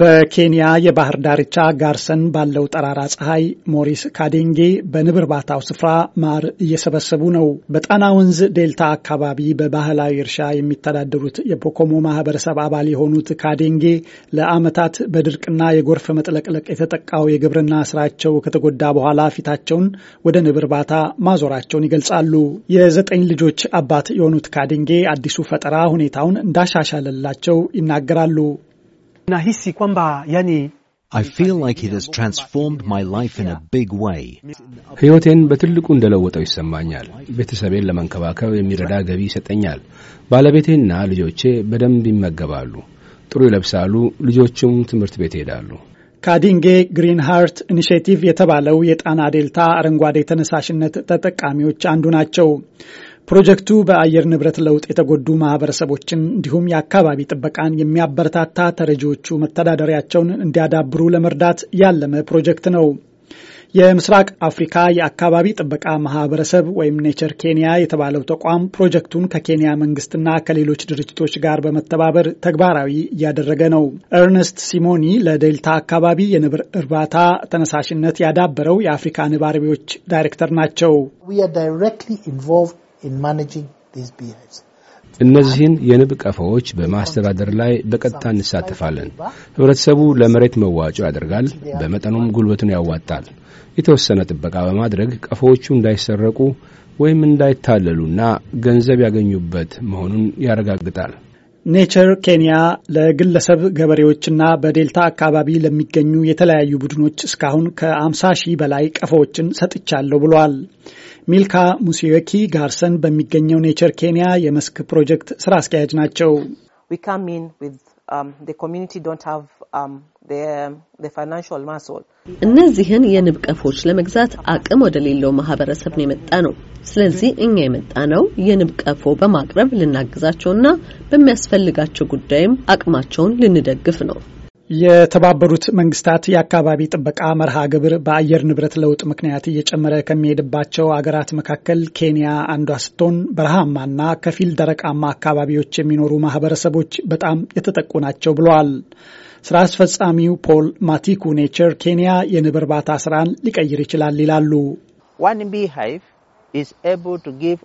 በኬንያ የባህር ዳርቻ ጋርሰን ባለው ጠራራ ፀሐይ ሞሪስ ካዴንጌ በንብ እርባታው ስፍራ ማር እየሰበሰቡ ነው። በጣና ወንዝ ዴልታ አካባቢ በባህላዊ እርሻ የሚተዳደሩት የፖኮሞ ማህበረሰብ አባል የሆኑት ካዴንጌ ለዓመታት በድርቅና የጎርፍ መጥለቅለቅ የተጠቃው የግብርና ስራቸው ከተጎዳ በኋላ ፊታቸውን ወደ ንብ እርባታ ማዞራቸውን ይገልጻሉ። የዘጠኝ ልጆች አባት የሆኑት ካዴንጌ አዲሱ ፈጠራ ሁኔታውን እንዳሻሻለላቸው ይናገራሉ። Nahisi kwamba yani I feel like it has transformed my life in a big way. ሕይወቴን በትልቁ እንደለወጠው ይሰማኛል። ቤተሰቤን ለመንከባከብ የሚረዳ ገቢ ይሰጠኛል። ባለቤቴና ልጆቼ በደንብ ይመገባሉ፣ ጥሩ ይለብሳሉ፣ ልጆቹም ትምህርት ቤት ይሄዳሉ። ካዲንጌ ግሪን ሃርት ኢኒሼቲቭ የተባለው የጣና ዴልታ አረንጓዴ ተነሳሽነት ተጠቃሚዎች አንዱ ናቸው። ፕሮጀክቱ በአየር ንብረት ለውጥ የተጎዱ ማህበረሰቦችን እንዲሁም የአካባቢ ጥበቃን የሚያበረታታ ተረጂዎቹ መተዳደሪያቸውን እንዲያዳብሩ ለመርዳት ያለመ ፕሮጀክት ነው። የምስራቅ አፍሪካ የአካባቢ ጥበቃ ማህበረሰብ ወይም ኔቸር ኬንያ የተባለው ተቋም ፕሮጀክቱን ከኬንያ መንግስትና ከሌሎች ድርጅቶች ጋር በመተባበር ተግባራዊ እያደረገ ነው። ኤርነስት ሲሞኒ ለዴልታ አካባቢ የንብ እርባታ ተነሳሽነት ያዳበረው የአፍሪካ ንብ አርቢዎች ዳይሬክተር ናቸው። እነዚህን የንብ ቀፎዎች በማስተዳደር ላይ በቀጥታ እንሳተፋለን። ህብረተሰቡ ለመሬት መዋጮ ያደርጋል፣ በመጠኑም ጉልበቱን ያዋጣል። የተወሰነ ጥበቃ በማድረግ ቀፎዎቹ እንዳይሰረቁ ወይም እንዳይታለሉና ገንዘብ ያገኙበት መሆኑን ያረጋግጣል። ኔቸር ኬንያ ለግለሰብ ገበሬዎችና በዴልታ አካባቢ ለሚገኙ የተለያዩ ቡድኖች እስካሁን ከ50 ሺህ በላይ ቀፎዎችን ሰጥቻለሁ ብሏል። ሚልካ ሙሲዮኪ ጋርሰን በሚገኘው ኔቸር ኬንያ የመስክ ፕሮጀክት ስራ አስኪያጅ ናቸው። Um, the community don't have um, እነዚህን የንብ ቀፎች ለመግዛት አቅም ወደ ሌለው ማህበረሰብ ነው የመጣ ነው። ስለዚህ እኛ የመጣ ነው የንብ ቀፎ በማቅረብ ልናግዛቸውና በሚያስፈልጋቸው ጉዳይም አቅማቸውን ልንደግፍ ነው። የተባበሩት መንግስታት የአካባቢ ጥበቃ መርሃ ግብር በአየር ንብረት ለውጥ ምክንያት እየጨመረ ከሚሄድባቸው አገራት መካከል ኬንያ አንዷ ስትሆን በረሃማና ከፊል ደረቃማ አካባቢዎች የሚኖሩ ማህበረሰቦች በጣም የተጠቁ ናቸው ብለዋል። ስራ አስፈጻሚው ፖል ማቲኩ ኔቸር ኬንያ የንብ እርባታ ስራን ሊቀይር ይችላል ይላሉ። ዋን ቢ ሃይቭ ኢዝ ኤብል ቱ ጊቭ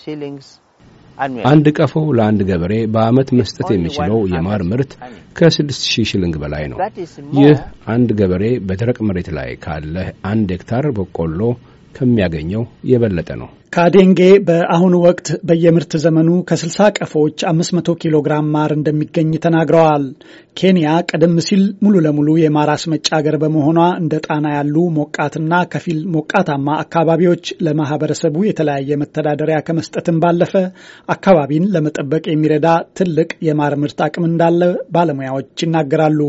ሺሊንግስ አንድ ቀፎ ለአንድ ገበሬ በዓመት መስጠት የሚችለው የማር ምርት ከ 6000 ሽልንግ በላይ ነው። ይህ አንድ ገበሬ በደረቅ መሬት ላይ ካለ አንድ ሄክታር በቆሎ ከሚያገኘው የበለጠ ነው። ከአዴንጌ በአሁኑ ወቅት በየምርት ዘመኑ ከ60 ቀፎዎች 500 ኪሎ ግራም ማር እንደሚገኝ ተናግረዋል። ኬንያ ቀደም ሲል ሙሉ ለሙሉ የማር አስመጪ አገር በመሆኗ እንደ ጣና ያሉ ሞቃትና ከፊል ሞቃታማ አካባቢዎች ለማህበረሰቡ የተለያየ መተዳደሪያ ከመስጠትም ባለፈ አካባቢን ለመጠበቅ የሚረዳ ትልቅ የማር ምርት አቅም እንዳለ ባለሙያዎች ይናገራሉ።